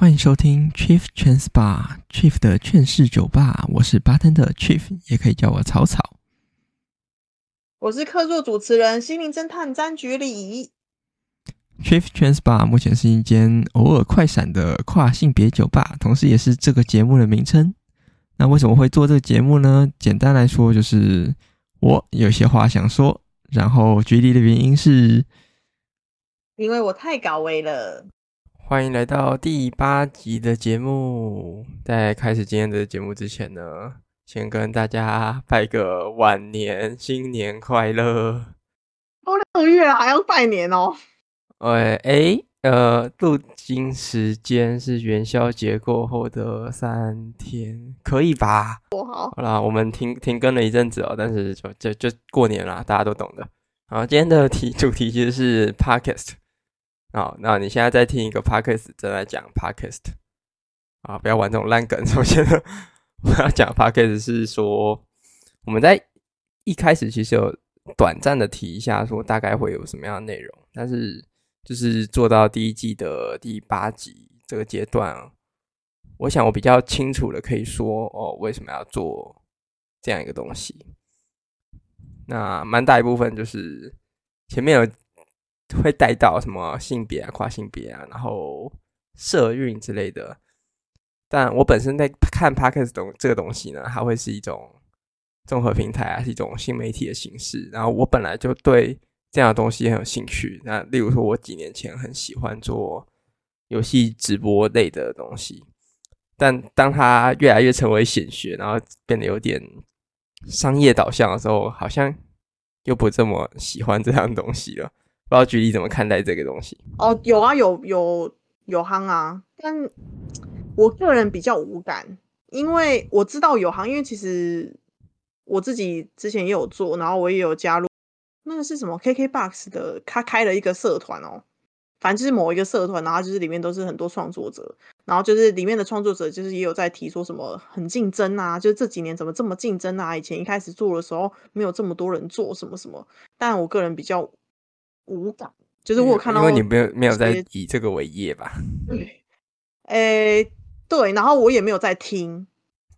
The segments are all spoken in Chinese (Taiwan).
歡迎收聽 Chief Trans Bar Chief 的勸世酒吧，我是 Bartender 的 Chief，也可以叫我草草。我是客座主持人、心靈偵探詹局里。Chief Trans Bar 目前是一間偶爾快閃的跨性別酒吧，同時也是這個節目的名稱。那為什麼會做這個節目呢？簡單來說，就是我有些話想說，然後局里的原因是因為我太高危了。歡迎來到第八集的節目。在開始今天的節目之前呢，先跟大家拜個晚年，新年快樂！都六月了，還要拜年哦？哎誒、哎、呃，度金時間是元宵節過後的三天，可以吧？哇！好啦，我們停停更了一陣子哦，但是就就就過年啦，大家都懂的。好，今天的題主題就是 Podcast。好，那你現在再聽一個 podcast，再來講 podcast，啊，不要玩這種爛梗。首先呢，我要講 podcast 是說，我們在一開始其實有短暫的提一下，說大概會有什麼樣的內容，但是就是做到第一季的第八集這個階段，我想我比較清楚的可以說，哦，為什麼要做這樣一個東西？那蠻大一部分就是前面有。會帶到什麼性別啊、跨性別啊，然後社運之類的。但我本身在看 Podcast 這個東西呢，它會是一種綜合平台啊，是一種新媒體的形式。然後我本來就對這樣的東西很有興趣。那例如說，我幾年前很喜歡做遊戲直播類的東西，但當它越來越成為顯學，然後變得有點商業導向的時候，好像又不這麼喜歡這樣的東西了。不知道具體怎麼看待這個東西。哦，有啊，有有有夯啊，但我個人比較無感，因為我知道有夯，因為其實我自己之前也有做，然後我也有加入那個是什麼 KKBOX 的，他開了一個社團哦，反正就是某一個社團，然後就是裡面都是很多創作者，然後就是裡面的創作者就是也有在提說什麼很競爭啊，就是這幾年怎麼這麼競爭啊，以前一開始做的時候沒有這麼多人做什麼什麼，但我個人比較。無感，就是我有看到，因為你沒有沒有在以這個為業吧？對、嗯，誒、欸，對，然後我也沒有在聽，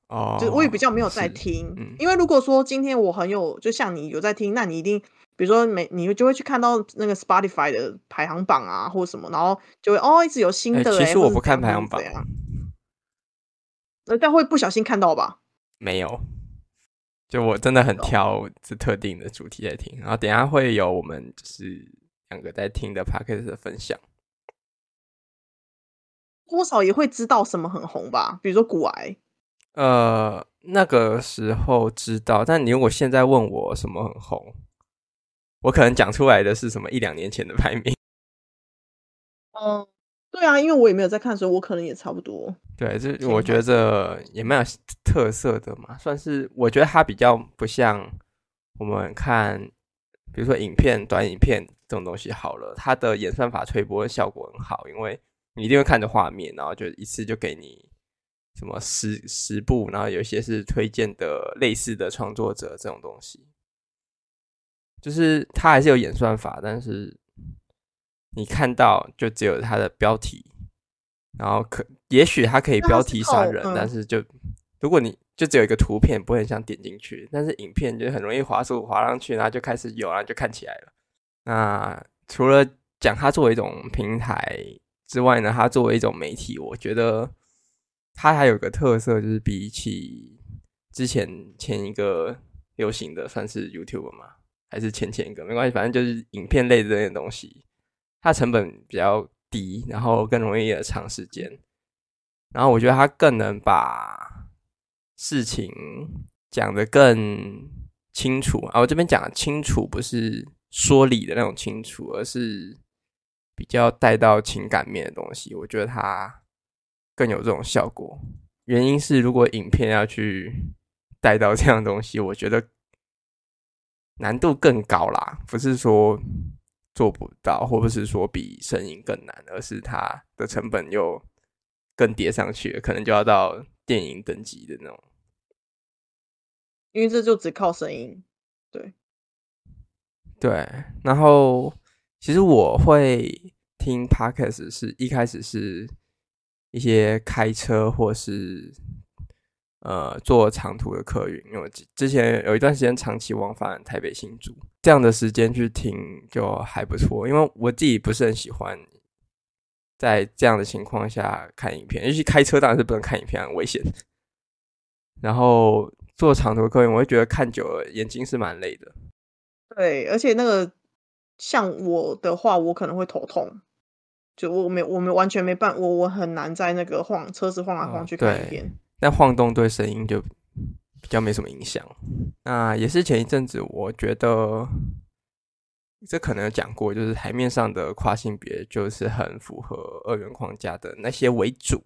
哦，就我也比較沒有在聽、嗯，因為如果說今天我很有，就像你有在聽，那你一定，比如說每你就會去看到那個 Spotify 的排行榜啊，或什麼，然後就會哦一直有新的、欸欸。其實我不看排行榜，那但會不小心看到吧？沒有。就我真的很挑，是特定的主題在聽，然後等一下會有我們就是兩個在聽的 Podcast 的分享，多少也會知道什麼很紅吧，比如說骨癌，呃，那個時候知道，但你如果現在問我什麼很紅，我可能講出來的是什麼一兩年前的排名，嗯。對啊，因為我也沒有在看的時候，所以我可能也差不多。對，就我覺得也蠻有特色的嘛，算是我覺得它比較不像我們看，比如說影片、短影片這種東西好了，它的演算法推播的效果很好，因為你一定會看着畫面，然後就一次就給你什麼十十部，然後有一些是推薦的類似的創作者這種東西，就是它還是有演算法，但是。你看到就只有它的標題，然後可也許它可以標題殺人，但是就如果你就只有一個圖片，不會很想點進去，但是影片就很容易滑速滑上去，然後就開始有，然後就看起來了。那除了講它作為一種平台之外呢，它作為一種媒體，我覺得它還有個特色，就是比起之前前一個流行的算是 YouTube 嘛，還是前前一個沒關係，反正就是影片類的那些東西。它成本比較低，然後更容易的長時間，然後我覺得它更能把事情講得更清楚啊！我這邊講的清楚不是說理的那種清楚，而是比較帶到情感面的東西。我覺得它更有這種效果。原因是如果影片要去帶到這樣的東西，我覺得難度更高啦，不是說。做不到，或者是說比聲音更難，而是它的成本又更疊上去，可能就要到電影等級的那種，因為這就只靠聲音。對，對。然後，其實我會聽 Podcast 是一開始是一些開車或是。呃，做長途的客運，因為之前有一段時間長期往返台北新竹，這樣的時間去聽就還不錯。因為我自己不是很喜歡在這樣的情況下看影片，尤其開車當然是不能看影片，很危險。然後做長途客運，我會覺得看久了眼睛是蠻累的。對，而且那個像我的話，我可能會頭痛，就我沒我沒完全沒辦，我我很難在那個晃車子晃來、啊、晃去看影片。哦但晃動對聲音就比較沒什麼影響。那也是前一陣子，我覺得這可能有講過，就是台面上的跨性別就是很符合二元框架的那些為主。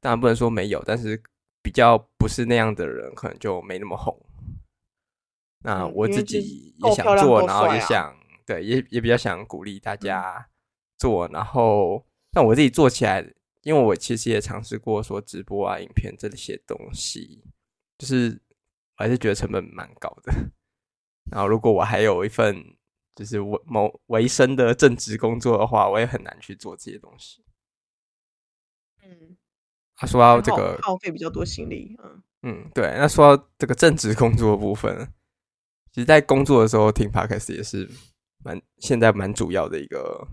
當然不能說沒有，但是比較不是那樣的人，可能就沒那麼紅。那我自己也想做，啊、然後也想，對，也也比較想鼓勵大家做、嗯。然後，但我自己做起來。因為我其實也嘗試過說直播啊、影片這些東西，就是我還是覺得成本蠻高的。然後，如果我還有一份就是為謀維生的正職工作的話，我也很難去做這些東西。嗯，他、啊、說到這個，耗費比較多心力、啊。嗯嗯，對。那說到這個正職工作的部分，其實在工作的時候聽 Podcast 也是蠻現在蠻主要的一個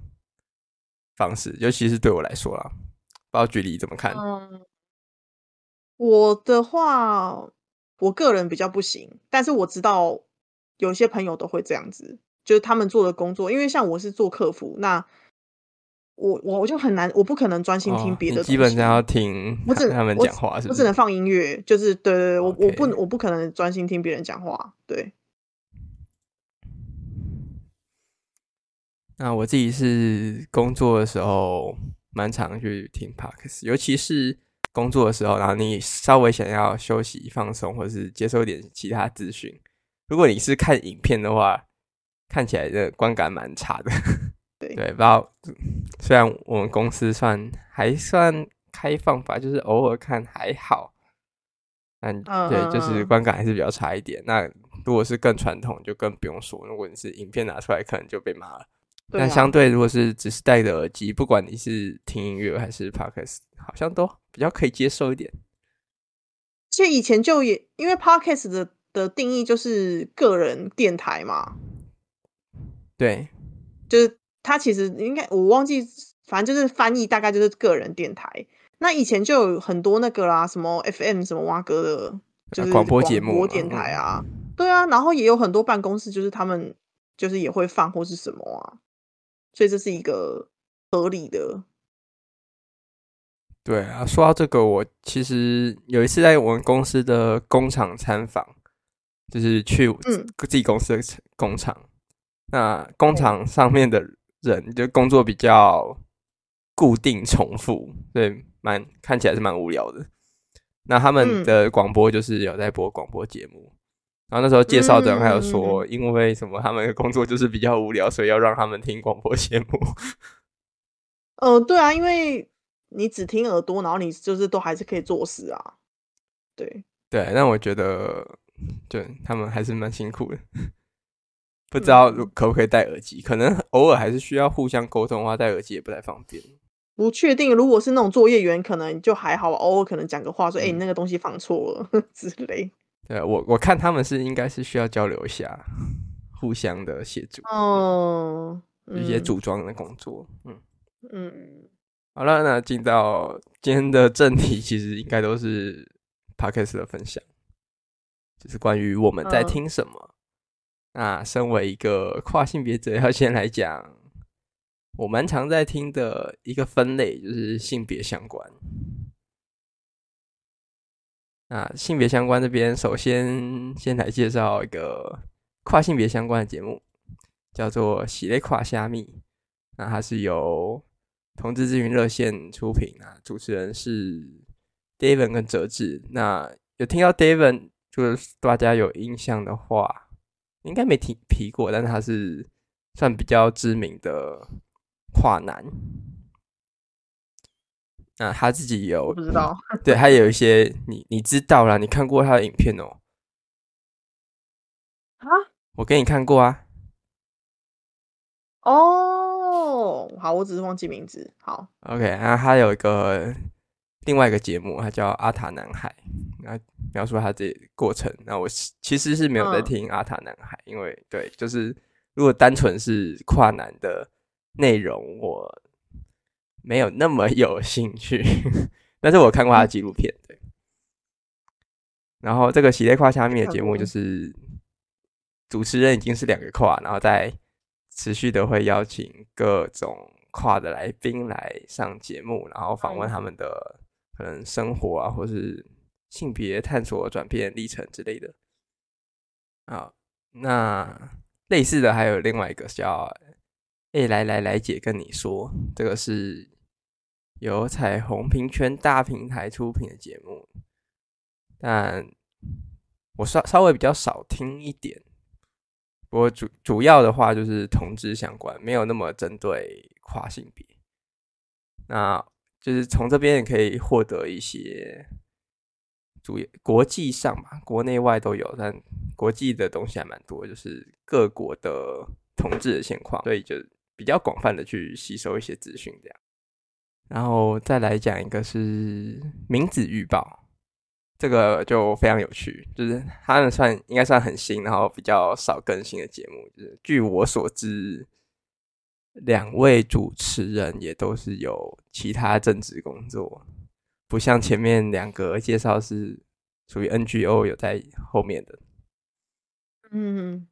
方式，尤其是對我來說啦。不知道距離怎麼看？嗯，我的話，我個人比較不行，但是我知道有些朋友都會這樣子，就是他們做的工作，因為像我是做客服，那我我我就很難，我不可能專心聽別的，哦，基本上要聽我只能跟他們講話，我我是不是，我只能放音樂，就是對對對，我、okay. 我不我不可能專心聽別人講話，對。那我自己是工作的時候。蠻常去聽 Parks，尤其是工作的時候，然後你稍微想要休息放鬆，或者是接收點其他資訊。如果你是看影片的話，看起來的觀感蠻差的。對對，不知道。雖然我們公司算還算開放吧，就是偶爾看還好。嗯，對，uh... 就是觀感還是比較差一點。那如果是更傳統，就更不用說。如果你是影片拿出來，可能就被罵了。但相對，如果是只是戴着耳機、啊，不管你是聽音樂還是 podcast，好像都比較可以接受一點。其實以前就也因為 podcast 的的定義就是個人電台嘛，對，就是它其實應該我忘記，反正就是翻譯大概就是個人電台。那以前就有很多那個啦，什麼 FM 什麼挖哥的，就是廣播節目，廣播電台啊，對啊，然後也有很多辦公室，就是他們就是也會放或是什麼啊。所以這是一個合理的。對啊，說到這個，我其實有一次在我們公司的工廠參訪，就是去自己公司的工廠。嗯。那工廠上面的人就工作比較固定重複，對，蠻看起來是蠻無聊的。那他們的廣播就是有在播廣播節目。然後那時候介紹的人還有說、嗯嗯嗯，因為什麼他們的工作就是比較無聊，所以要讓他們聽廣播節目。嗯、呃，對啊，因為你只聽耳朵，然後你就是都還是可以做事啊。對對，那我覺得，對他們還是蠻辛苦的。不知道可不可以戴耳機、嗯。可能偶爾還是需要互相溝通的話，戴耳機也不太方便。不確定，如果是那種作業員，可能就還好，偶爾可能講個話，說哎、嗯欸，你那個東西放錯了之類。對，我我看他們是應該是需要交流一下，互相的協助哦、嗯，一些組裝的工作，嗯嗯，好了，那進到今天的正題，其實應該都是 Podcast 的分享，就是關於我們在聽什麼、哦。那身為一個跨性別者，要先來講，我蠻常在聽的一個分類就是性別相關。那性別相關這邊，首先先來介紹一個跨性別相關的節目，叫做《喜裂跨蝦米》。那它是由同志諮詢熱線出品啊，主持人是 David 跟哲志。那有聽到 David，就是大家有印象的話，應該沒聽提,提過，但他是算比較知名的跨男。那他自己有，不知道、 嗯。對，他有一些你你知道啦，你看過他的影片哦？啊，我給你看過啊。哦，oh，好，我只是忘記名字。好，OK，那他有一個另外一個節目，他叫《阿塔男孩》，他描述他的過程。那我其實是沒有在聽《阿塔男孩》，嗯，因為對，就是如果單純是跨男的內容，我。沒有那麼有興趣，但是我有看過他的紀錄片，對。然後這個系列跨下面的節目就是主持人已經是兩個跨，然後再持續的會邀請各種跨的來賓來上節目，然後訪問他們的可能生活啊，或是性別探索轉變歷程之類的。好，那類似的還有另外一個叫。哎、欸，來來來，姐跟你說，這個是由彩虹平權大平台出品的節目。但我稍稍微比較少聽一點，不過主主要的話就是同志相關，沒有那麼針對跨性別。那就是從這邊也可以獲得一些主國際上嘛，國內外都有，但國際的東西還蠻多，就是各國的同志的現況，所以就。比較廣泛的去吸收一些資訊，這樣，然後再來講一個是名字預報，這個就非常有趣，就是他們算應該算很新，然後比較少更新的節目。就是據我所知，兩位主持人也都是有其他正職工作，不像前面兩個介紹是屬於 NGO 有在後面的。嗯。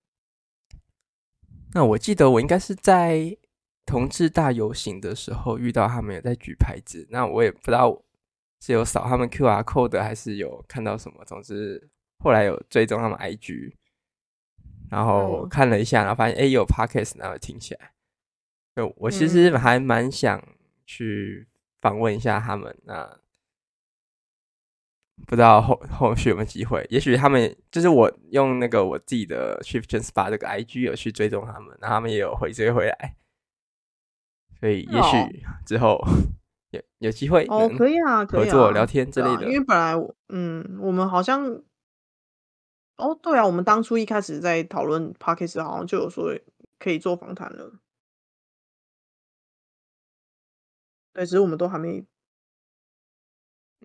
那我記得我應該是在同志大遊行的時候遇到他們有在舉牌子，那我也不知道是有掃他們 QR code 還是有看到什麼。總之後來有追蹤他們 IG，然後看了一下，然後發現哎、嗯欸、有 Podcast，然後我聽起來，就我其實還蠻想去訪問一下他們那。不知道後後續有沒有機會，也許他們就是我用那個我自己的 Shifters 把這個 IG 有去追蹤他們，那他們也有回追回來，所以也許之後有、哦、有機會哦，可以啊，可以合、啊、作聊天之類的。因為本來嗯，我們好像哦，對啊，我們當初一開始在討論 Podcast，好像就有說可以做訪談了，對，只是我們都還沒。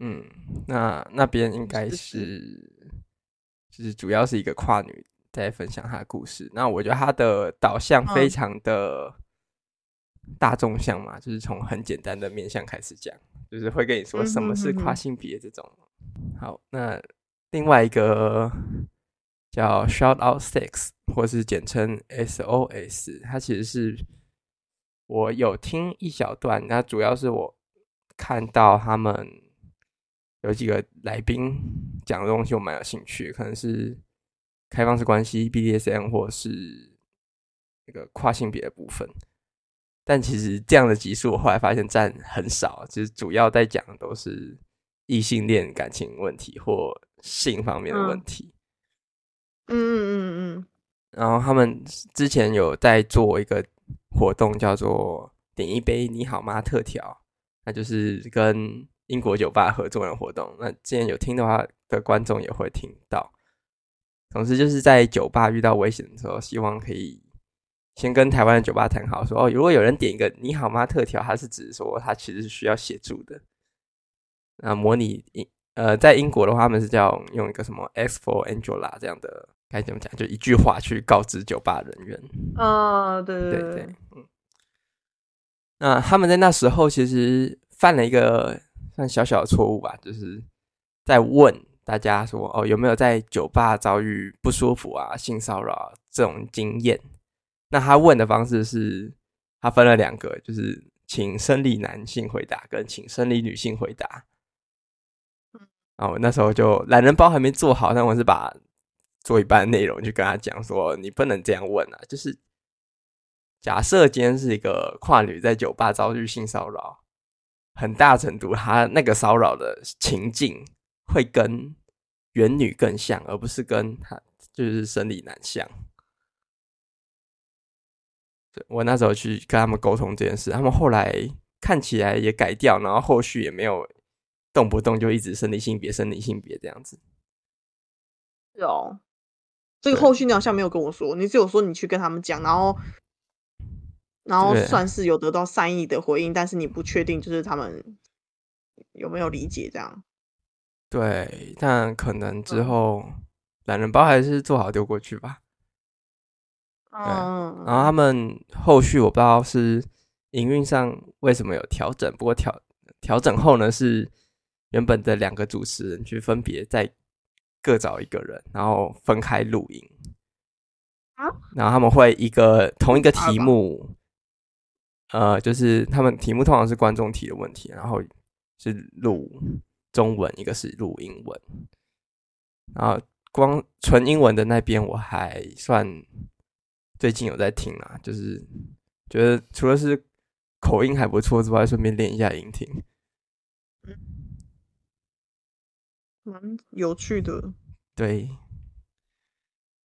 嗯，那那邊應該是，是，是就是主要是一個跨女在分享她的故事。那我覺得她的導向非常的大眾向嘛，嗯、就是從很簡單的面向開始講，就是會跟你說什麼是跨性別這種嗯哼嗯哼。好，那另外一個叫 Shout Out Six，或是簡稱 SOS，它其實是我有聽一小段，那主要是我看到他們。有幾個來賓講的東西我蠻有興趣，可能是開放式關係、BDSM 或是那個跨性別的部分。但其實這樣的集數我後來發現佔很少，其實主要在講的都是異性戀感情問題或性方面的問題。嗯嗯嗯嗯。然後他們之前有在做一個活動，叫做“點一杯你好嗎特調”，那就是跟。英國酒吧合作的活動，那既然有聽的話的觀眾也會聽到。總之，就是在酒吧遇到危險的時候，希望可以先跟台灣的酒吧談好說，說哦，如果有人點一個“你好嗎”特調，它是指說他其實是需要協助的。那、啊、模擬英呃，在英國的話，他們是叫用一個什麼 “X for Angela” 這樣的，該怎麼講？就一句話去告知酒吧人員。啊、oh,，對對對對，嗯。那他們在那時候其實犯了一個。算小小的錯誤吧，就是在問大家說：“哦，有沒有在酒吧遭遇不舒服啊、性騷擾這種經驗？”那他問的方式是，他分了兩個，就是請生理男性回答跟請生理女性回答。然後我那時候就懶人包還沒做好，但我是把做一半的內容就跟他講說：“你不能這樣問啊！”就是假設今天是一個跨女在酒吧遭遇性騷擾。很大程度，他那個騷擾的情境會跟原女更像，而不是跟他就是生理男像。我那時候去跟他們溝通這件事，他們後來看起來也改掉，然後後續也沒有動不動就一直生理性別、生理性別這樣子。是哦，這個後續你好像沒有跟我說，你只有說你去跟他們講，然後。然後算是有得到善意的回應，但是你不確定就是他們有沒有理解這樣。對，但可能之後、嗯、懶人包還是做好丟過去吧。嗯，然後他們後續我不知道是營運上為什麼有調整，不過調調整後呢是原本的兩個主持人去分別再各找一個人，然後分開錄音。啊？然後他們會一個同一個題目。啊啊呃，就是他們題目通常是觀眾提的問題，然後是錄中文，一個是錄英文，然後光純英文的那邊我還算最近有在聽啊，就是覺得除了是口音還不錯之外，順便練一下英聽，嗯，蠻有趣的，對，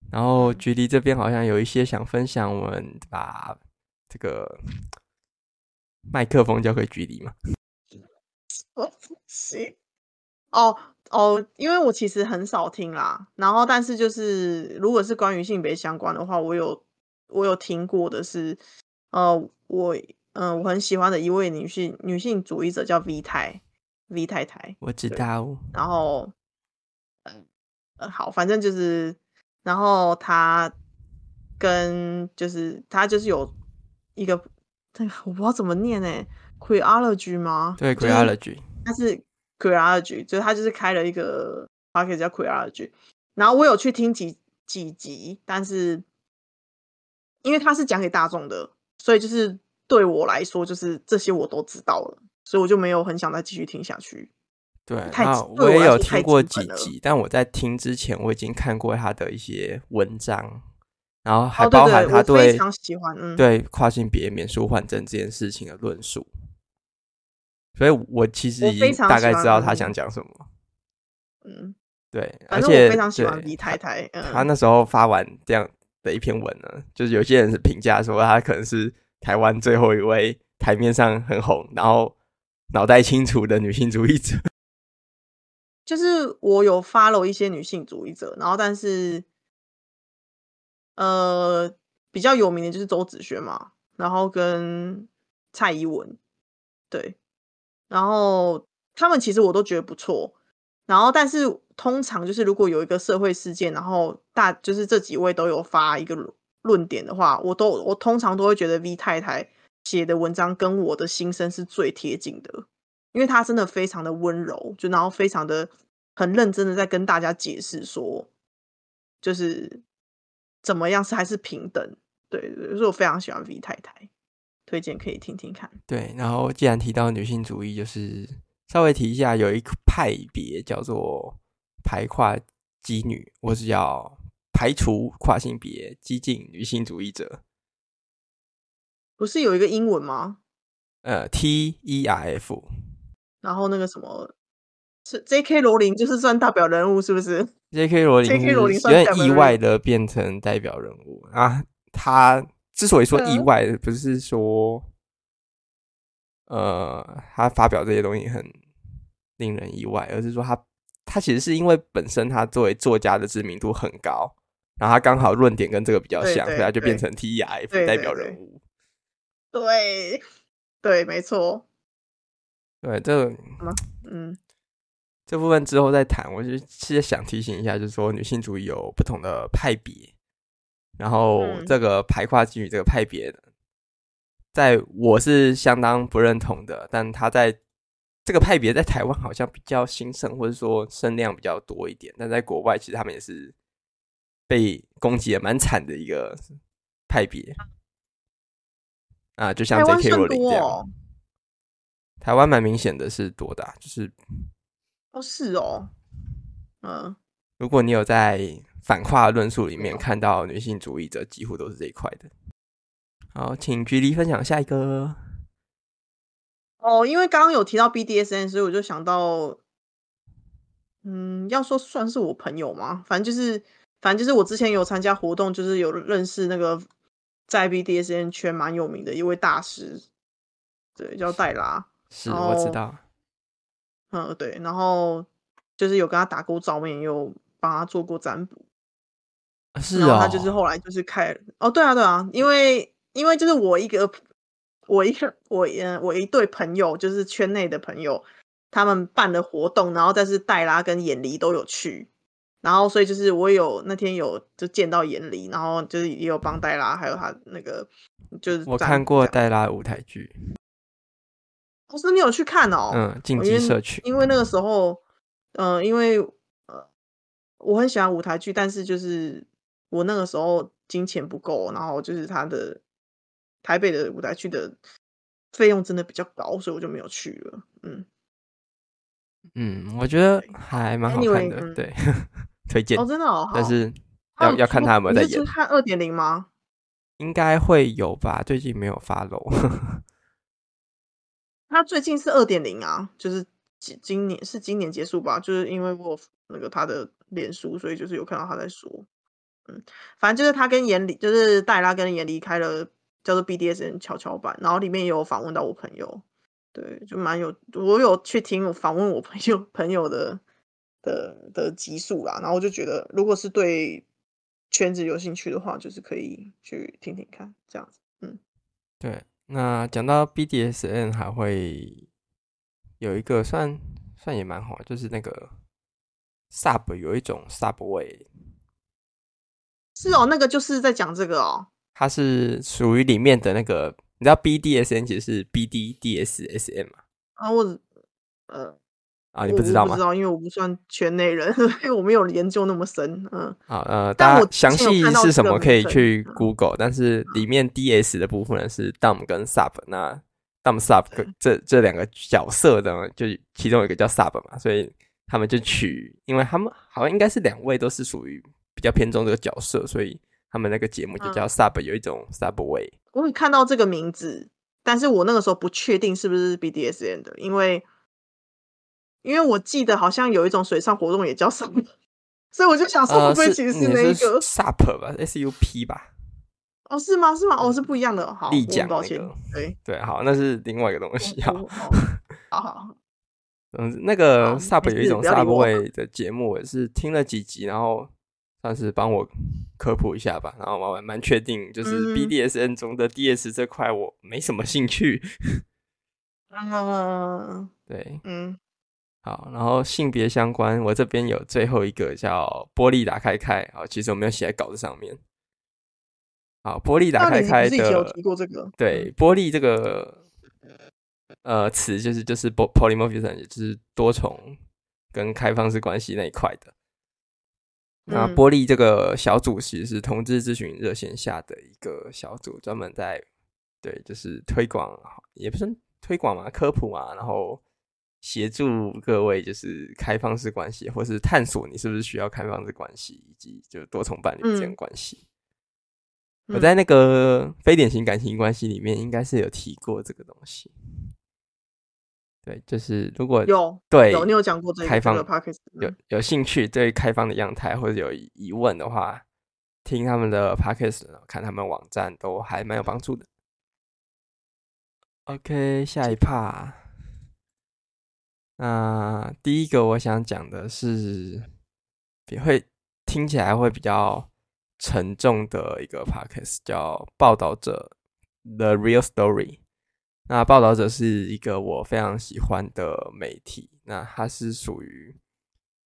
然後距離這邊好像有一些想分享，我們把這個。麥克風交給距離嗎？我 行哦哦，因為我其實很少聽啦。然後，但是就是，如果是關於性別相關的話，我有我有聽過的是，呃，我嗯、呃，我很喜歡的一位女性女性主義者叫 V 太 V 太太，我知道。然後，嗯、呃、好，反正就是，然後她跟就是她就是有一個。我不知道怎麼念呢，欸、Queerology 嗎？對 Queerology，它是 Queerology，所以他就是開了一個話題叫 Queerology，然後我有去聽幾幾集，但是因為他是講給大眾的，所以就是對我來說，就是這些我都知道了，所以我就沒有很想再繼續聽下去。對，太我，也對我，太了我也有聽過幾集，但我在聽之前我已經看過他的一些文章。然後還包含他對、哦,對,對,他對,非常喜歡、嗯、對跨性別免術換證這件事情的論述，所以我其實已經大概知道他想講什麼。嗯，對，而且我非常喜歡李太太、嗯。他那時候發完這樣的一篇文呢，就是有些人是評價說他可能是台灣最後一位台面上很紅，然後腦袋清楚的女性主義者。就是我有 follow 一些女性主義者，然後但是。呃，比較有名的就是周子軒嘛，然後跟蔡宜文，對，然後他們其實我都覺得不錯。然後，但是通常就是如果有一個社會事件，然後大就是這幾位都有發一個論點的話，我都我通常都會覺得 V 太太寫的文章跟我的心聲是最貼近的，因為她真的非常的溫柔，就然後非常的很認真的在跟大家解釋說，就是。怎麼樣是還是平等？對，所以我非常喜歡 V 太太，推薦可以聽聽看。對，然後既然提到女性主義，就是稍微提一下，有一個派別叫做排跨激女，我只要排除跨性別激進女性主義者，不是有一個英文嗎？呃，T E R F。然後那個什麼是 J K 羅琳就是算代表人物，是不是？J.K. 羅琳有點意外的變成代表人物 啊！他之所以說意外，不是說、啊、呃他發表這些東西很令人意外，而是說他他其實是因為本身他作為作家的知名度很高，然後他剛好論點跟這個比較像，對對對，所以他就變成 TERF 代表人物。對，對，沒錯。對，這個嗯。嗯這部分之後再談，我就其實想提醒一下，就是說女性主義有不同的派別，然後這個排跨基女這個派別的，在我是相當不認同的，但他在這個派別在台灣好像比較興盛，或者說聲量比較多一點，但在國外其實他們也是被攻擊也蠻慘的一個派別啊，啊，就像 JK 羅琳這樣，台灣蠻明顯的是多的，就是。是哦，嗯，如果你有在反跨論述裡面看到女性主義者，幾乎都是這一塊的。好，請舉例分享下一個。哦，因為剛剛有提到 BDSN，所以我就想到，嗯，要說算是我朋友嗎，反正就是，反正就是我之前有參加活動，就是有認識那個在 BDSN 圈，蠻有名的一位大師，對，叫戴拉，是，我知道。嗯，對，然後就是有跟他打過照面，有幫他做過占卜，是啊、哦。他就是後來就是開，哦，對啊，對啊，因為因為就是我一個我一個我嗯我一對朋友，就是圈內的朋友，他們辦的活動，然後但是黛拉跟眼離都有去，然後所以就是我有那天有就見到眼離，然後就是也有幫黛拉，還有他那個就是我看過黛拉舞台劇。不是你有去看哦？嗯，進擊社區。因為那個時候，嗯、呃，因為呃，我很喜歡舞台劇，但是就是我那個時候金錢不夠，然後就是他的台北的舞台劇的費用真的比較高，所以我就沒有去了。嗯，嗯，我覺得還蠻好看的，欸、對，呵呵推薦。哦，真的哦，好但是要、啊、要看他有沒有在演。看二點零嗎？應該會有吧，最近沒有 follow。 他最近是二點零啊，就是今今年是今年結束吧，就是因為我那個他的臉書，所以就是有看到他在說，嗯，反正就是他跟演里就是戴拉跟演離開了叫做 BDSN 蹺蹺板，然後裡面也有訪問到我朋友，對，就蠻有，我有去聽我訪問我朋友朋友的的的集數啦，然後我就覺得，如果是對圈子有興趣的話，就是可以去聽聽看這樣子，嗯，對。那講到 B D S M 還會有一個算算也蠻好，就是那個 sub 有一種 subway 是哦，那個就是在講這個哦，它是屬於裡面的那個，你知道 B D S M 其實是 B D D S S M 嗎？啊，我呃。啊，你不知道嗎？我不知道，因為我不算圈內人，因為我沒有研究那麼深。嗯，好，呃，但我詳細是什麼可以去 Google，、嗯、但是裡面 D S 的部分呢是 D o m 跟 Sub，那 D o m Sub 這這兩個角色的，就其中一個叫 Sub 嘛，所以他們就取，因為他們好像應該是兩位都是屬於比較偏重這個角色，所以他們那個節目就叫 Sub，、嗯、有一種 Subway。我看到這個名字，但是我那個時候不確定是不是 B D S M 的，因為。因為我記得好像有一種水上活動也叫什麼，所以我就想說，不會其實是那個、啊、SUP 吧，SUP 吧？哦，是嗎？是嗎？哦，是不一樣的。好，嗯、抱歉。那個、對對，好，那是另外一個東西。嗯、好，好 好，好。嗯，那個 SUP 有一種 s u p d a y 的節目，我也是聽了幾集，然後算是幫我科普一下吧。然後我還蠻確定，就是 BDSM 中的 DS 這塊、嗯，我沒什麼興趣。 嗯對，嗯。好，然後性別相關，我這邊有最後一個叫玻璃打開開，啊、哦，其實我沒有寫在稿子上面。好，玻璃打開開，開的。自己有提過這個？對，玻璃這個呃詞，就是就是 polymorphism，就是多重跟開放式關係那一塊的、嗯。那玻璃這個小組其實是同志諮詢熱線下的一個小組，專門在對，就是推廣，也不是推廣嘛，科普嘛、啊，然後。協助各位就是開放式關係，或是探索你是不是需要開放式關係，以及就是多重伴侶之間關係、嗯。我在那個非典型感情關係裡面，應該是有提過這個東西。對，就是如果對有對有你有講過這個開放的 Podcast，有有興趣對開放的樣態或者有疑問的話，聽他們的 Podcast，看他們網站都還蠻有幫助的、嗯。OK，下一趴。那第一個我想講的是，也會聽起來會比較沉重的一個 podcast 叫《報道者》（The Real Story）。那《報道者》是一個我非常喜歡的媒體。那他是屬於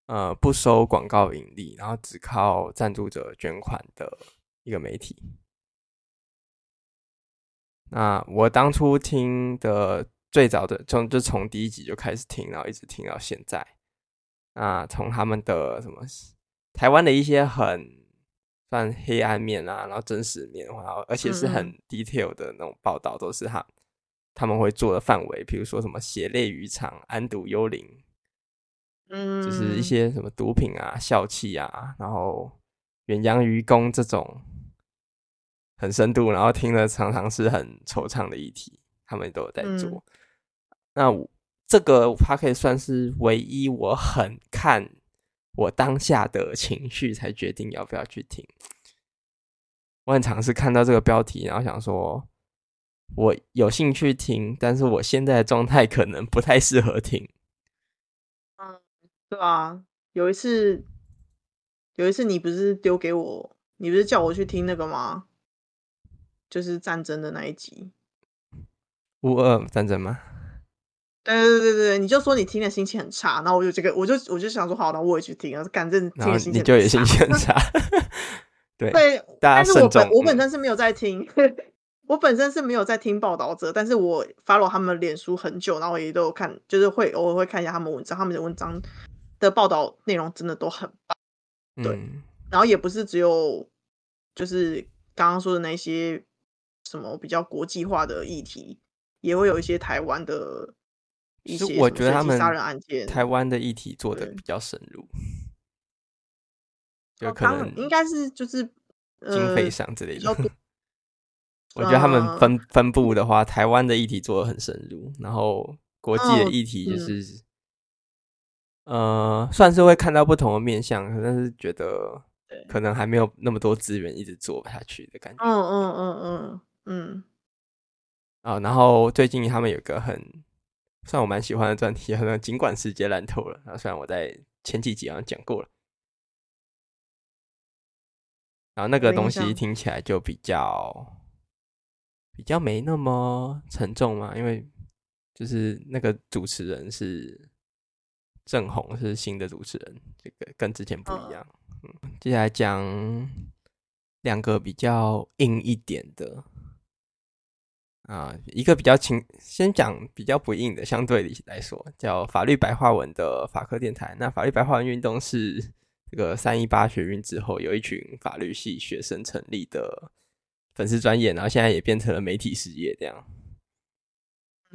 呃不收廣告盈利，然後只靠贊助者捐款的一個媒體。那我當初聽的。最早的從就從第一集就開始聽，然後一直聽到現在啊。從他們的什麼台灣的一些很算黑暗面啊，然後真實面的話，然後而且是很 detail 的那種報道，嗯、都是他他們會做的範圍。比如說什麼血淚漁場、安毒幽靈，嗯，就是一些什麼毒品啊、笑氣啊，然後遠洋漁工這種很深度，然後聽了常常是很惆悵的議題，他們都有在做。嗯那這個它可以算是唯一，我很看我當下的情緒才決定要不要去聽。我很常是看到這個標題，然後想說，我有興趣聽，但是我現在的狀態可能不太適合聽。嗯，對啊，有一次，有一次你不是丟給我，你不是叫我去聽那個嗎？就是戰爭的那一集，烏、嗯、俄、嗯、戰爭嗎？對對對對對，你就說你聽的心情很差，然後我就這個，我就我就想說好，然後我也去聽，然後感覺聽的心情很差。差 對，大家慎重。但是我本、嗯、我本身是沒有在聽，我本身是沒有在聽報道者，但是我 follow 他們臉書很久，然後也都有看，就是會偶爾會看一下他們文章，他們的文章的報道內容真的都很棒、對、嗯，然後也不是只有就是剛剛說的那些什麼比較國際化的議題，也會有一些台灣的。其實我覺得他們台灣的議題做的比較深入，就可能應該是就是經費上之類的。我覺得他們分分布的話，台灣的議題做的很深入，然後國際的議題就是，呃，算是會看到不同的面向，但是覺得可能還沒有那麼多資源一直做下去的感覺。嗯嗯嗯嗯嗯。啊，然後最近他們有一個很。算我蠻喜歡的專題，好像儘管世界爛透了，啊，雖然我在前幾集好像講過了，然後那個東西聽起來就比較比較沒那麼沉重嘛，因為就是那個主持人是鎮宏，是新的主持人，這個跟之前不一樣。Oh. 嗯，接下來講兩個比較硬一點的。啊、呃，一個比較輕，先講比較不硬的，相對來說叫法律白話文的法科電台。那法律白話文運動是這個三一八學運之後，有一群法律系學生成立的粉絲專頁，然後現在也變成了媒體事業這樣。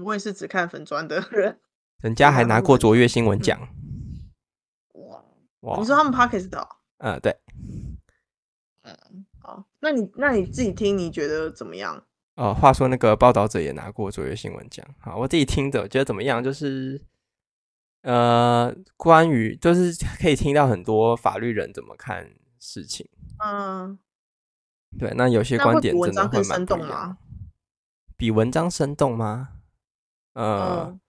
我也是只看粉專的人。人家還拿過卓越新聞獎。哇、嗯、哇！你說他們 Podcast 的？哦？嗯，對。嗯，好，哦。那你那你自己聽，你覺得怎麼樣？呃，話說那個報道者也拿過卓越新聞獎。好，我自己聽着覺得怎麼樣？就是，呃，關於就是可以聽到很多法律人怎麼看事情。嗯，對，那有些觀點真的會，蠻、嗯、會比文章生動嗎？比文章生動嗎？呃、嗯，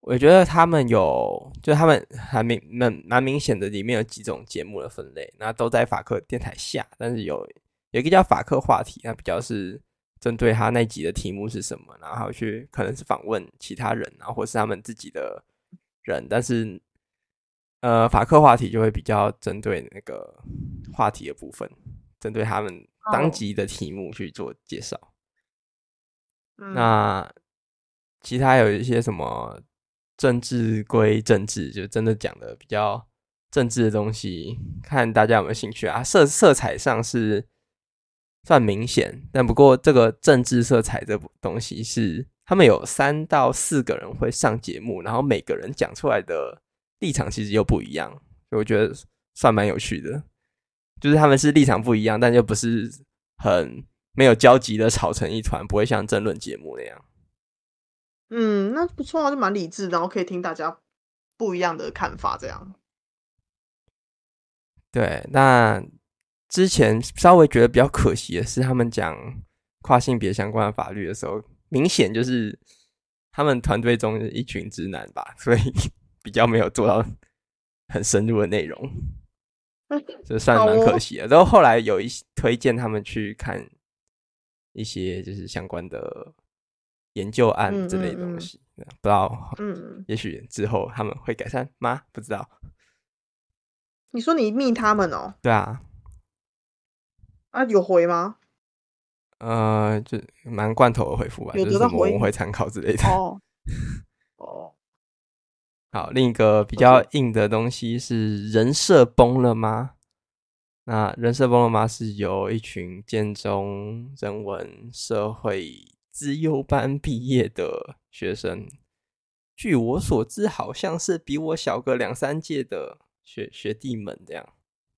我覺得他們有，就他們還明、很蠻，蠻明顯的裡面有幾種節目的分類，那都在法客電台下，但是有有一個叫法客話題，那比較是。針對他那集的題目是什麼，然後去可能是訪問其他人，啊，然後或者是他們自己的人，但是呃，法克話題就會比較針對那個話題的部分，針對他們當集的題目去做介紹。Oh. 那其他有一些什麼政治歸政治，就真的講的比較政治的東西，看大家有沒有興趣啊？色色彩上是。算明顯，但不過這個政治色彩這東西是他們有三到四個人會上節目，然後每個人講出來的立場其實又不一樣，所以我覺得算蠻有趣的，就是他們是立場不一樣，但又不是很沒有交集的吵成一團，不會像政論節目那樣。嗯，那不錯啊，就蠻理智，然後可以聽大家不一樣的看法，這樣。對，那。之前稍微覺得比較可惜的是，他們講跨性別相關的法律的時候，明顯就是他們團隊中是一群直男吧，所以比較沒有做到很深入的內容，這、嗯、算蠻可惜的。然後、哦、後來有一推薦他們去看一些就是相關的研究案之類的東西嗯嗯嗯。不知道，嗯，也許之後他們會改善嗎？不知道。你說你密他們哦？對啊。啊，有回嗎？呃，就蠻罐頭的回復吧，有的回就是什麼會參考之類的。哦，哦，好，另一個比較硬的東西是人設崩了嗎？Okay. 那人設崩了嗎？是由一群建中人文社會資優班畢業的學生，據我所知，好像是比我小個兩三屆的學學弟們這樣。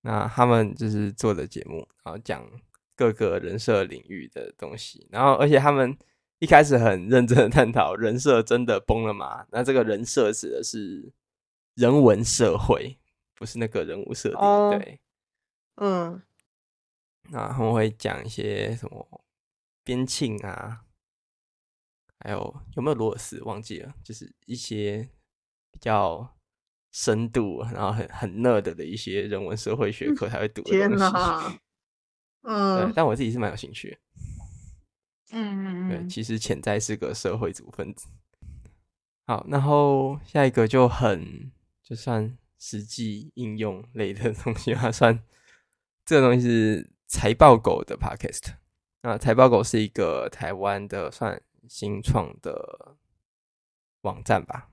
那他們就是做的節目，然後講各個人設領域的東西，然後而且他們一開始很認真的探討人設真的崩了嗎？那這個人設指的是人文社會，不是那個人物設定。對，嗯、oh, uh.，那他們會講一些什麼邊沁啊，還有有沒有羅爾斯忘記了？就是一些比較。深度，然後很很 nerd 的、的一些人文社會學科才會讀的東西。嗯、呃， 但我自己是蠻有興趣。嗯嗯嗯。對，其實潛在是個社會主義分子。好，然後下一個就很就算實際應用類的東西吧，算這個東西是財報狗的 podcast。那財報狗是一個台灣的算新創的網站吧。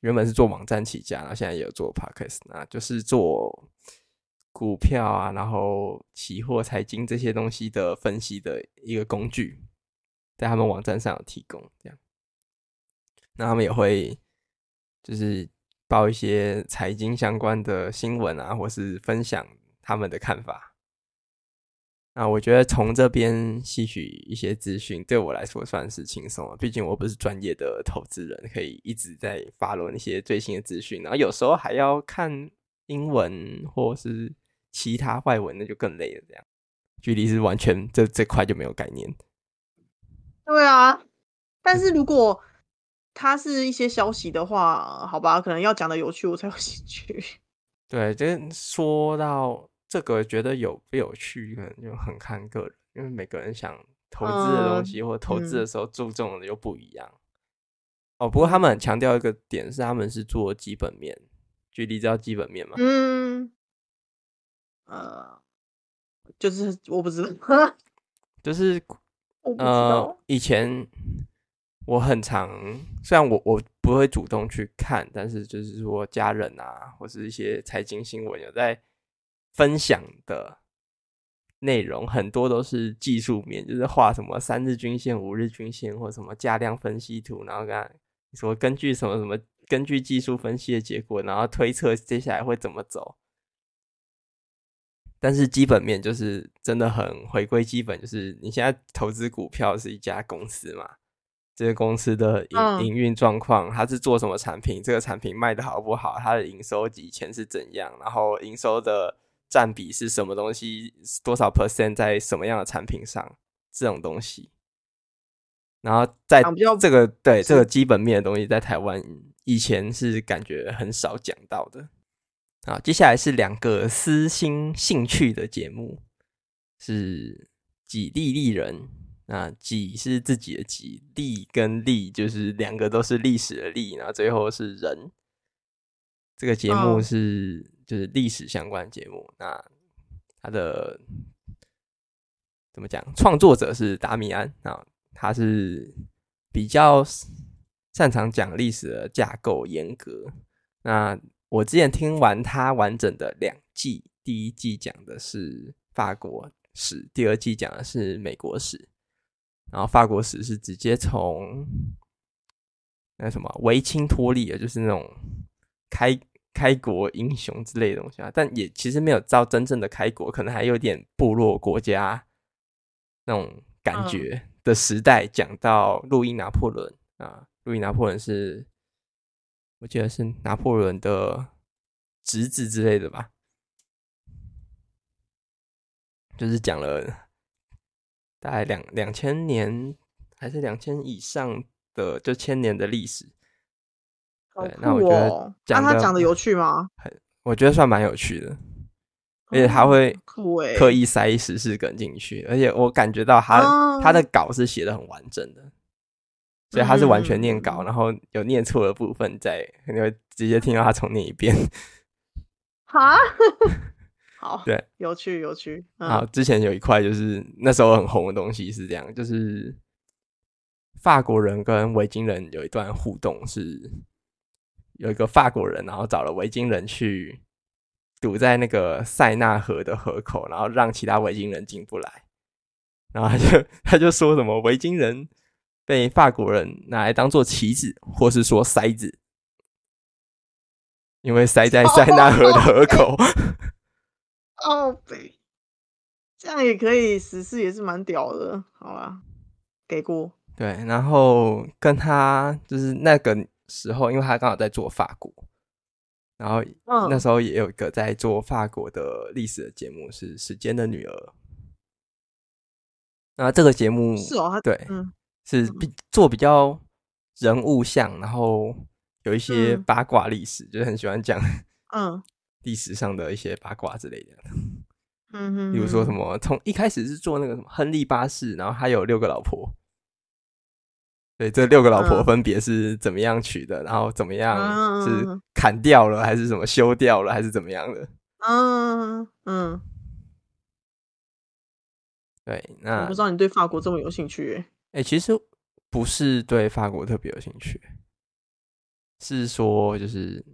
原本是做網站起家，然後現在也有做 Podcast，那就是做股票啊，然後期貨、財經這些東西的分析的一個工具，在他們網站上有提供，這樣。那他們也會就是報一些財經相關的新聞啊，或是分享他們的看法。啊，我覺得從這邊吸取一些資訊對我來說算是輕鬆了，畢竟我不是專業的投資人，可以一直在 follow 那些最新的資訊。然後有時候還要看英文或是其他外文，那就更累了。這樣距離是完全這這塊就沒有概念。對啊，但是如果它是一些消息的話，好吧，可能要講的有趣，我才有興趣。對，這說到。這個覺得有不有趣，可能就很看個人，因為每個人想投資的東西、嗯、或投資的時候注重的又不一樣、嗯。哦，不過他們很強調一個點是，他們是做基本面，就你知道基本面嗎？嗯，呃、就是我不知道， 就是、呃、以前我很常，雖然我我不會主動去看，但是就是說家人啊，或是一些財經新聞有在。分享的內容很多都是技術面，就是畫什麼三日均線、五日均線，或者什麼價量分析圖，然後看說根據什麼什麼，根據技術分析的結果，然後推測接下來會怎麼走。但是基本面就是真的很回歸基本，就是你現在投資股票是一家公司嘛？這個公司的營營運狀況，它是做什麼產品？這個產品賣得好不好？它的營收及以前是怎樣？然後營收的。占比是什麼東西？多少 percent 在什麼樣的產品上？這種東西，然後在這個、這個、對這個基本面的東西，在台灣以前是感覺很少講到的。啊，接下來是兩個私心興趣的節目，是“己利利人”。啊，“己”是自己的“己”，“利”跟“利”就是兩個都是歷史的“利”，然後最後是“人”。這個節目是。Oh. 就是歷史相關節目，那他的怎麼講？創作者是達米安啊，他是比較擅長講歷史的，架構嚴格。那我之前聽完他完整的兩季，第一季講的是法國史，第二季講的是美國史。然後法國史是直接從那什麼維欽托利，就是那種開。開國英雄之類的東西啊，但也其實沒有造真正的開國，可能還有點部落國家那種感覺的時代。嗯、講到路易拿破崙啊，路易拿破崙是，我記得是拿破崙的侄子之類的吧，就是講了大概兩兩千年還是兩千以上的就千年的歷史。哦、對，那我覺得他講的有趣嗎？很，我覺得算蠻有趣的，嗯，而且他會刻意塞時事梗進去，欸，而且我感覺到他、嗯、他的稿是寫的很完整的，所以他是完全念稿，嗯，然後有念錯的部分在，在，嗯，你會直接聽到他重念一遍。啊， 好，對，有趣有趣。好，嗯，之前有一塊就是那時候很紅的東西是這樣，就是法國人跟維京人有一段互動是。有一個法國人，然後找了維京人去堵在那個塞納河的河口，然後讓其他維京人進不來。然後他就他就說什麼維京人被法國人拿來當做棋子，或是說塞子，因為塞在塞納河的河口。哦，對，這樣也可以，史事也是蠻屌的。好吧？給過，對，然後跟他就是那個。時候，因為他剛好在做法國，然後那時候也有一個在做法國的歷史的節目，是《時間的女兒》。那這個節目是哦，他對，嗯、是比做比較人物像，然後有一些八卦歷史，嗯、就是很喜歡講，嗯，歷史上的一些八卦之類的。嗯哼，比如說什麼，從一開始是做那個什麼亨利八世，然後他有六個老婆。對，這六個老婆分別是怎麼樣娶的，嗯，然後怎麼樣是砍掉了，嗯、還是什麼修掉了還是怎麼樣的？嗯嗯。對，那我不知道你對法國這麼有興趣哎，欸，其實不是對法國特別有興趣，是說就是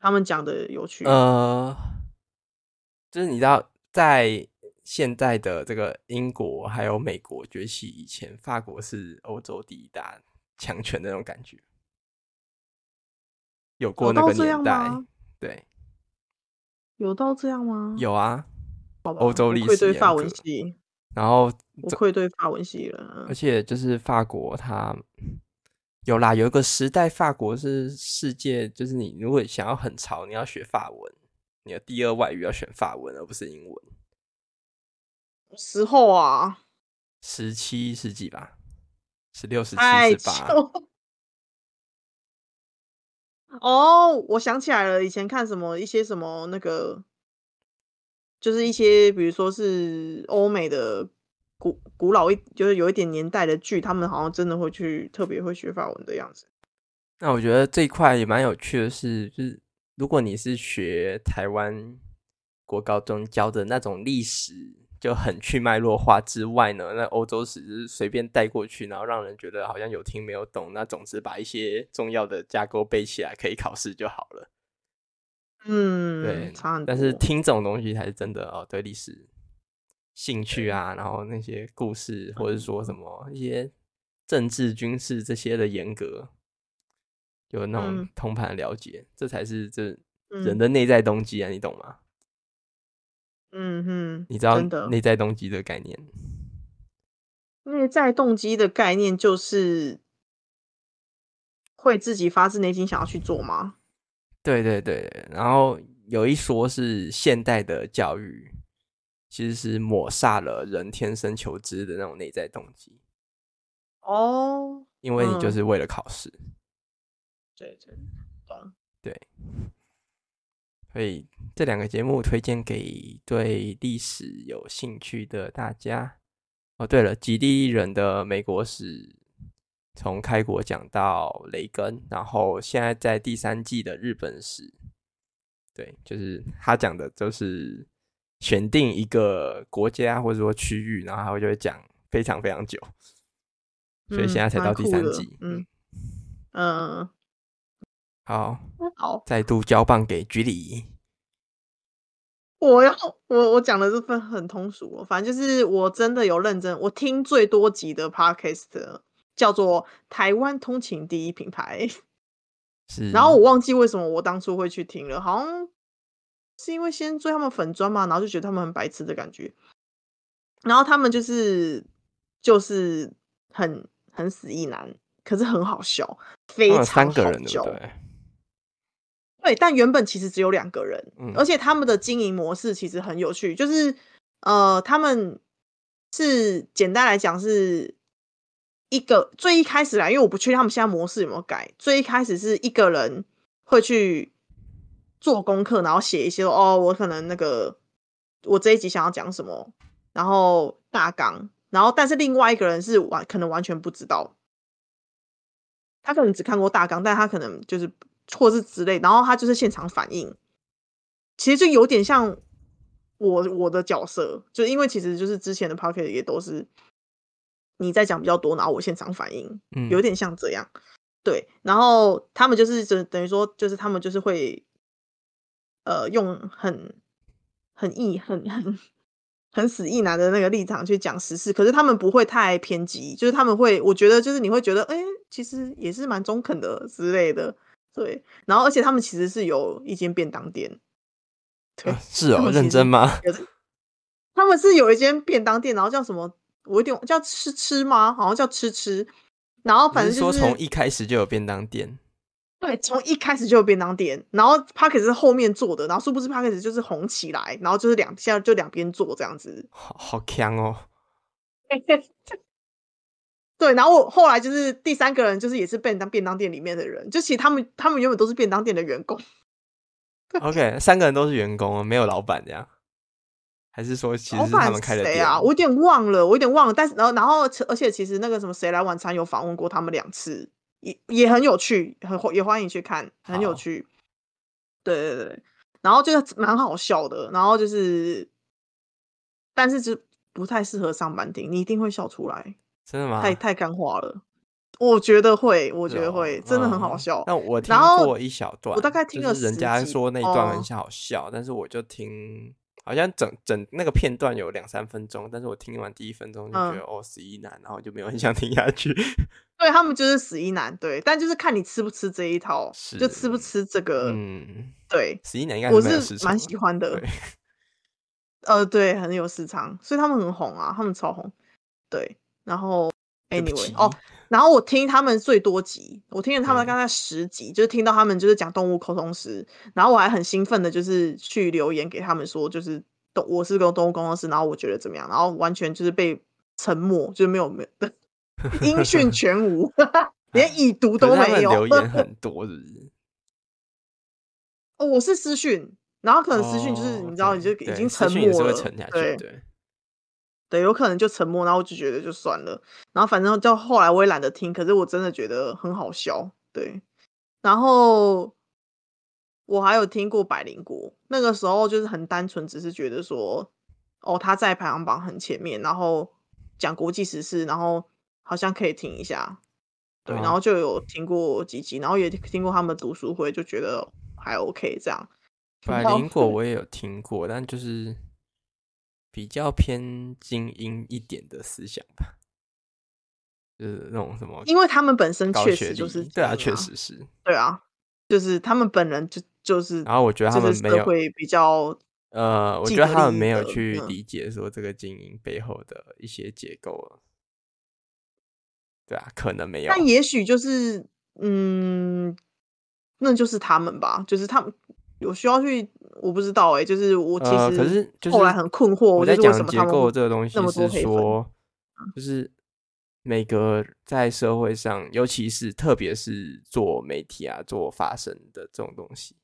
他們講的有趣。呃，就是你知道，在。現在的這個英國還有美國崛起以前，法國是歐洲第一大強權的那種感覺，有過那個年代，對。有到這樣嗎？有啊，歐洲歷史法文系，然後我愧對法文系了，而且就是法國它，它有啦，有一個時代，法國是世界，就是你如果你想要很潮，你要學法文，你的第二外語要選法文而不是英文。時候啊，十七幾吧，十六、十七、十八。哦、哎，oh, 我想起來了，以前看什麼一些什麼那個，就是一些，比如說是歐美的古古老一，就是有一點年代的劇，他們好像真的會去特別會學法文的樣子。那我覺得這一塊也蠻有趣的是，是就是如果你是學台灣國高中教的那種歷史。就很去脈絡化之外呢，那歐洲史是隨便帶過去，然後讓人覺得好像有聽沒有懂。那總之把一些重要的架構背起來，可以考試就好了。嗯，對。但是聽這種東西才是真的哦，對歷史興趣啊，然後那些故事，或者說什麼一些政治、軍事這些的嚴格、嗯，有那種通盤了解、嗯，這才是這人的內在動機啊，你懂嗎？嗯哼，你知道內在動機的概念？內在動機的概念就是會自己發自內心想要去做嗎？對對對，然後有一說是現代的教育其實是抹煞了人天生求知的那種內在動機。哦、嗯，因為你就是為了考試。對對，對，對，所以。這兩個節目推薦給對歷史有興趣的大家。哦，對了，吉力人的美國史從開國講到雷根，然後現在在第三季的日本史，對，就是他講的都是選定一個國家或者說區域，然後他就會講非常非常久，所以現在才到第三季。嗯嗯、呃，好，好，再度交棒給吉里。我要我我講的這份很通俗，哦，反正就是我真的有認真。我聽最多集的 podcast 叫做台灣通勤第一品牌，然後我忘記為什麼我當初會去聽了，好像是因為先追他們粉專嘛，然後就覺得他們很白痴的感覺。然後他們就是就是很很死意男，可是很好笑，非常好笑。啊，三個人對對，但原本其實只有兩個人，嗯，而且他們的經營模式其實很有趣，就是呃，他們是簡單來講是一個最一開始來，因為我不確定他們現在模式有沒有改。最一開始是一個人會去做功課，然後寫一些哦，我可能那個我這一集想要講什麼，然後大綱，然後但是另外一個人是完可能完全不知道，他可能只看過大綱，但他可能就是。或是之類，然後他就是現場反應，其實就有點像我我的角色，就因為其實就是之前的 Podcast 也都是你在講比較多，然後我現場反應，嗯，有點像這樣、嗯。對，然後他們就是等等於說，就是他們就是會呃用很很意很很很死意男的那個立場去講時事，可是他們不會太偏激，就是他們會，我覺得就是你會覺得，哎、欸，其實也是蠻中肯的之類的。對，然後而且他們其實是有一間便當店，對呃、是哦，是，認真嗎？他們是有一間便當店，然後叫什麼？我有點叫吃吃嗎？好像叫吃吃。然後反正、就是、你是說從一開始就有便當店，對，從一開始就有便當店。然後 Parkers 是後面做的，然後殊不知 Parkers 就是紅起來，然後就是兩下就兩邊做這樣子，好，好強哦。 對，然後我後來就是第三個人，就是也是便當便當店裡面的人，就其實他們他們原本都是便當店的員工。 OK，三個人都是員工，沒有老闆這樣，還是說其實他們開的店。老闆誰啊？我有點忘了，我有點忘了。但是、呃、然後然後而且其實那個什麼誰來晚餐有訪問過他們兩次，也也很有趣，很也歡迎去看，很有趣。好對對對，然後就是蠻好笑的，然後就是，但是就不太適合上班聽，你一定會笑出來。真的嗎？太太幹話了，我覺得會，我覺得會，真的很好笑。那、嗯、我聽過一小段，我大概聽了、就是、人家說那一段很像好笑、哦，但是我就聽好像整整那個片段有兩三分鐘，但是我聽完第一分鐘就覺得、嗯、哦，十一男，然後就沒有很想聽下去。對他們就是十一男，對，但就是看你吃不吃這一套，就吃不吃這個。嗯，對，十一男應該是蠻喜歡的對。呃，對，很有市場，所以他們很紅啊，他們超紅。對。然後，anyway，哦，然後我聽他們最多集，我聽了他們剛才十集，就是聽到他們就是講動物溝通師，然後我還很興奮的，就是去留言給他們說，就是我我是個動物溝通師，然後我覺得怎麼樣，然後完全就是被沉默，就是沒有沒有 音訊全無， 連已讀都沒有。留言很多是不是？ 哦，我是私訊，然後可能私訊就是、oh, 你知道 okay, 你就已經沉默了，對對。對對，有可能就沉默，然後我就覺得就算了，然後反正到後來我也懶得聽，可是我真的覺得很好笑。對，然後我還有聽過百靈果，那個時候就是很單純，只是覺得說，哦，他在排行榜很前面，然後講國際時事，然後好像可以聽一下。對，哦，然後就有聽過幾集，然後也聽過他們讀書會，就覺得還 OK，這樣。百靈果我也有聽過，但就是。比較偏精英一點的思想吧，就是那種什麼，因為他們本身確實就是啊對啊，確實是，對啊，就是他們本人就就是，然後我覺得他們沒有、就是、會比較，呃，我覺得他們沒有去理解說這個精英背後的一些結構了，嗯、對啊，可能沒有，但也許就是，嗯，那就是他們吧，就是他們。有需要去，我不知道哎、欸，就是我其實後來很困惑，我在講結構這個東西，是說就是每個在社會上，尤其是特別是做媒體啊、做發聲的這種東西，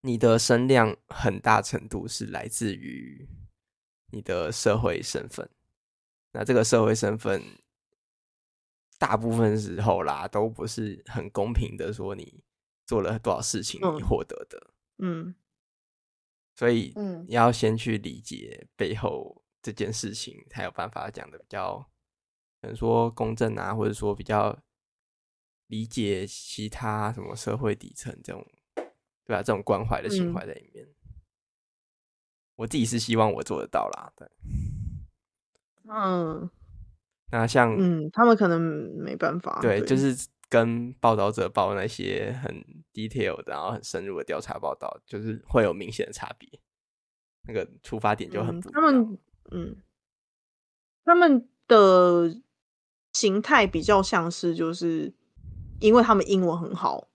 你的聲量很大程度是來自於你的社會身份。那這個社會身份，大部分時候啦，都不是很公平的，說你。做了多少事情，你獲得的。嗯，嗯，所以，嗯，要先去理解背後這件事情，才有辦法講得比較，可能說公正啊，或者說比較理解其他什麼社會底層這種，對吧，啊？這種關懷的情懷在裡面。嗯，我自己是希望我做得到啦，對，嗯，那像，嗯，他們可能沒辦法，對，就是。跟報道者報那些很 detail，然後很深入的調查報道，就是會有明顯的差別。那個出發點就很不，嗯，他們嗯，他們的形態比較像是，就是因為他們英文很好，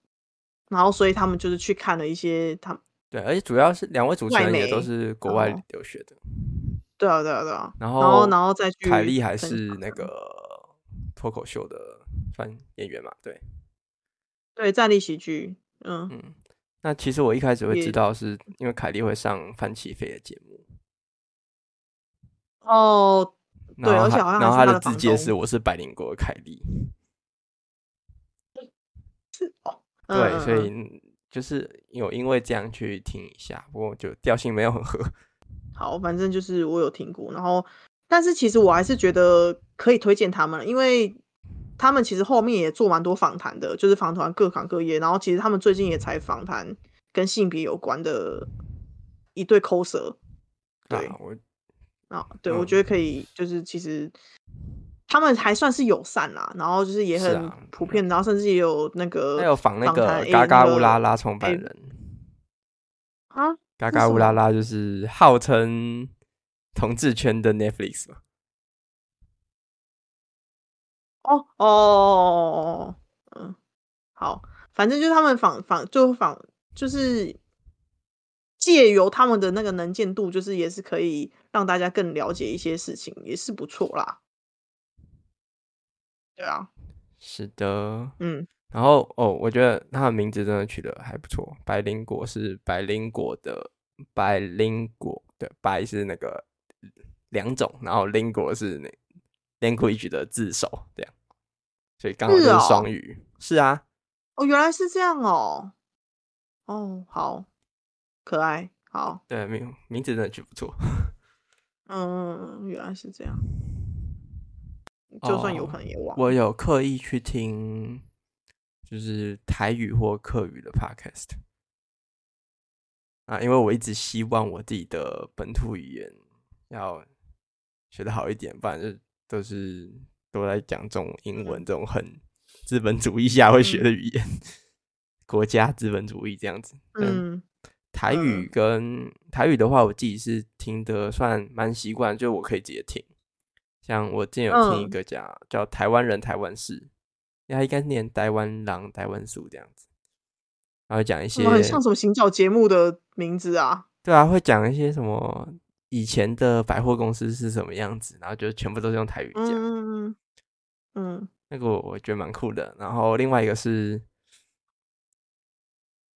然後所以他們就是去看了一些他們。對，而且主要是兩位主持人也都是國外留學的，哦。對啊，對啊，對啊。然後，然後，然後再去。凱麗還是那個脫口秀的。翻演員嘛，對，對，站立喜劇，嗯嗯，那其實我一開始會知道，是因為凱莉會上范琪斐的節目，哦，對，而且好像他的，然後他的自介是我是百靈果的凱莉，是，是哦、嗯啊，對，所以就是有因為這樣去聽一下，不過就調性沒有很合，好，反正就是我有聽過，然後，但是其實我還是覺得可以推薦他們，因為。他們其實後面也做蠻多訪談的，就是訪談各行各業。然後其實他們最近也才訪談跟性別有關的一對口舌、啊啊。對，我、嗯、啊，對我覺得可以，就是其實他們還算是友善啦，然後就是也很普遍，啊、然後甚至也有那個有訪那個訪、欸、嘎嘎烏拉拉創辦、欸、人啊，嘎嘎烏拉拉就是號稱同志圈的 Netflix 嘛哦哦哦哦，嗯，好，反正就是他們仿仿，就仿，就是借由他們的那個能見度，就是也是可以讓大家更了解一些事情，也是不錯啦。對啊，是的，嗯，然後哦，我覺得他的名字真的取得還不錯，“百靈果”是“百靈果”的“百靈果”，對，“百”是那個兩種，然後“靈果”是那個。連貫一舉的自首，這樣，啊，所以剛好是雙語，哦，是啊，哦，原來是這樣哦，哦，好可愛，好，對，名名字真的取不錯， 嗯，原來是這樣，就算有可能也，哦，我有刻意去聽，就是台語或客語的 podcast 啊，因為我一直希望我自己的本土語言要學得好一點，不然就。都是都在講這種英文，這種很資本主義下會學的語言，嗯、 國家資本主義這樣子。嗯，台語跟、嗯、台語的話，我自己是聽得算蠻習慣，就我可以直接聽。像我之前有聽一個叫、嗯、叫台灣人台灣事，他應該念台灣狼台灣書這樣子，然後講一些很像什麼行腳節目的名字啊。對啊，會講一些什麼。以前的百貨公司是什麼樣子？然後就全部都是用台語講、嗯。嗯，那個我覺得蠻酷的。然後另外一個是，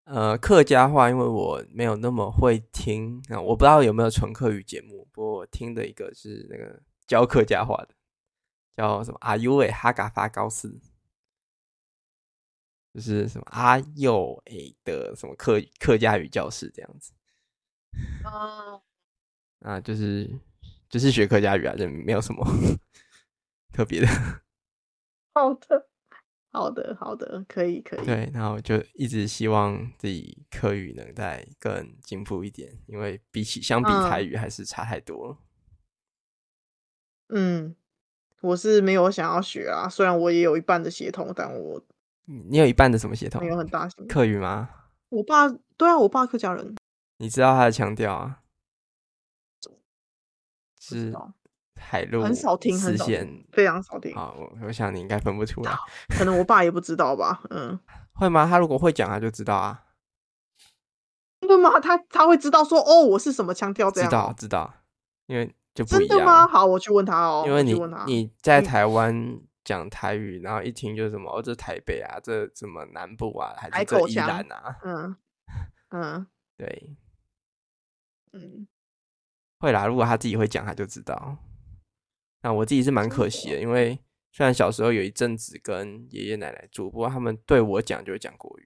呃，客家話，因為我沒有那麼會聽啊，我不知道有沒有純客語節目。不過我聽的一個是那個教客家話的，叫什麼阿幼哎哈嘎發高斯，就是什麼阿幼哎的什麼客客家語教室這樣子。啊、嗯。啊，就是就是學客家語啊，就沒有什麼 特別的。好的，好的，好的，可以，可以。對，然後就一直希望自己客語能再更進步一點，因為比起相比台語還是差太多了。嗯，我是沒有想要學啊，雖然我也有一半的血統，但我你有一半的什麼血統？沒有很大客語嗎？我爸對啊，我爸客家人。你知道他的腔調啊？是海陸很,很少聽，很，四縣非常少聽。好、哦，我我想你應該分不出來，可能我爸也不知道吧。嗯， 會嗎？他如果會講，他就知道啊。真的嗎？他他會知道說哦，我是什麼腔調這樣？知道知道，因為就不一樣。真的嗎？好，我去問他哦。因為你你在台灣講台語，然後一聽就是什麼，哦，這台北啊，這什麼南部啊，還是在宜蘭啊？嗯嗯，嗯 對，嗯。會啦，如果他自己會講，他就知道。那、啊、我自己是蠻可惜的，因為雖然小時候有一陣子跟爺爺奶奶住，不過他們對我講就是講國語，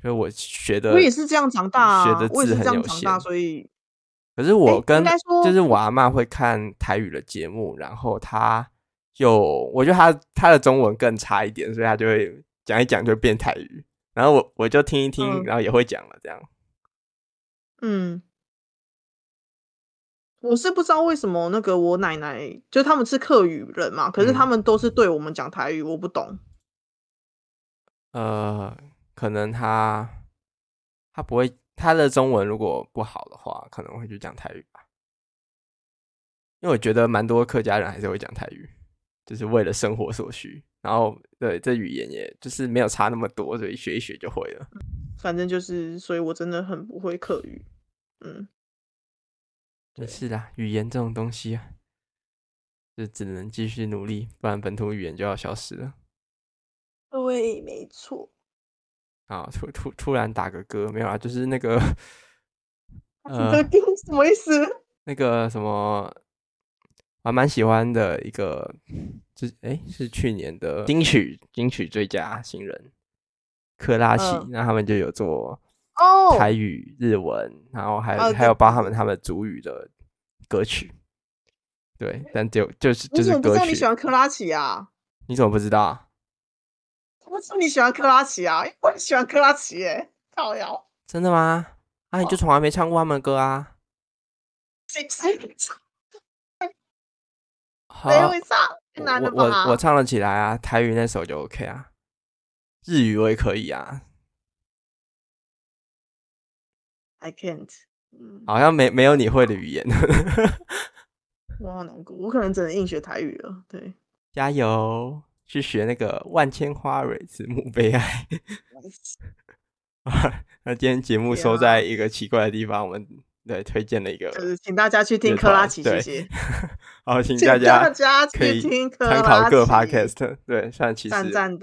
所以我學的我也是這樣長大、啊，學的字很有限，所以。可是我跟、欸、就是我阿嬤會看台語的節目，然後他就我覺得他他的中文更差一點，所以他就會講一講就會變台語，然後我我就聽一聽，嗯、然後也會講了這樣。嗯。我是不知道為什麼那個我奶奶就他們是客語人嘛，可是他們都是對我們講台語，嗯，我不懂。呃，可能他他不會他的中文如果不好的話，可能會去講台語吧。因為我覺得蠻多客家人還是會講台語，就是為了生活所需。然後對這語言也就是沒有差那麼多，所以學一學就會了。反正就是，所以我真的很不會客語。嗯。是啦，語言這種東西、啊，就只能繼續努力，不然本土語言就要消失了。對，沒錯。好，突突突然打個嗝，沒有啊，就是那個，那、啊呃、什麼意思？那個什麼，我還蠻喜歡的一個，是哎、欸，是去年的金曲金曲最佳新人，珂拉琪、嗯，那他們就有做。Oh, 台語、日文，然後還、uh, 還有包他們他們主語的歌曲，對，但就就是就是歌曲。你怎知道你喜歡珂拉琪啊？你怎麼不知道？怎麼知道你喜歡珂拉琪啊？我也喜歡珂拉琪誒，造謠。真的嗎？那、啊、你就從來沒唱過他們歌啊？誰會唱？男的嗎？我我，我唱得起來啊，台語那首就 OK 啊，日語我也可以啊。I can't，好像沒沒有你會的語言。 我好難過，我可能只能硬學台語了。對，加油，去學那個萬千花蕊愛，慈母悲哀。那今天節目收在一個奇怪的地方，yeah. 我們對推薦了一個，就是、請大家去聽珂拉琪。謝謝。 好，請大家可以參考各 Podcast。對，但其實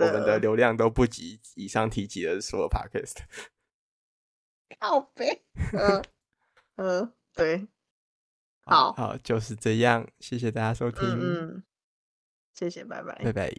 我們的流量都不及以上提及的所有 Podcast。告別。嗯 嗯、呃呃，對，好好，好就是這樣。謝謝大家收聽，嗯，嗯。謝謝，拜拜，拜拜。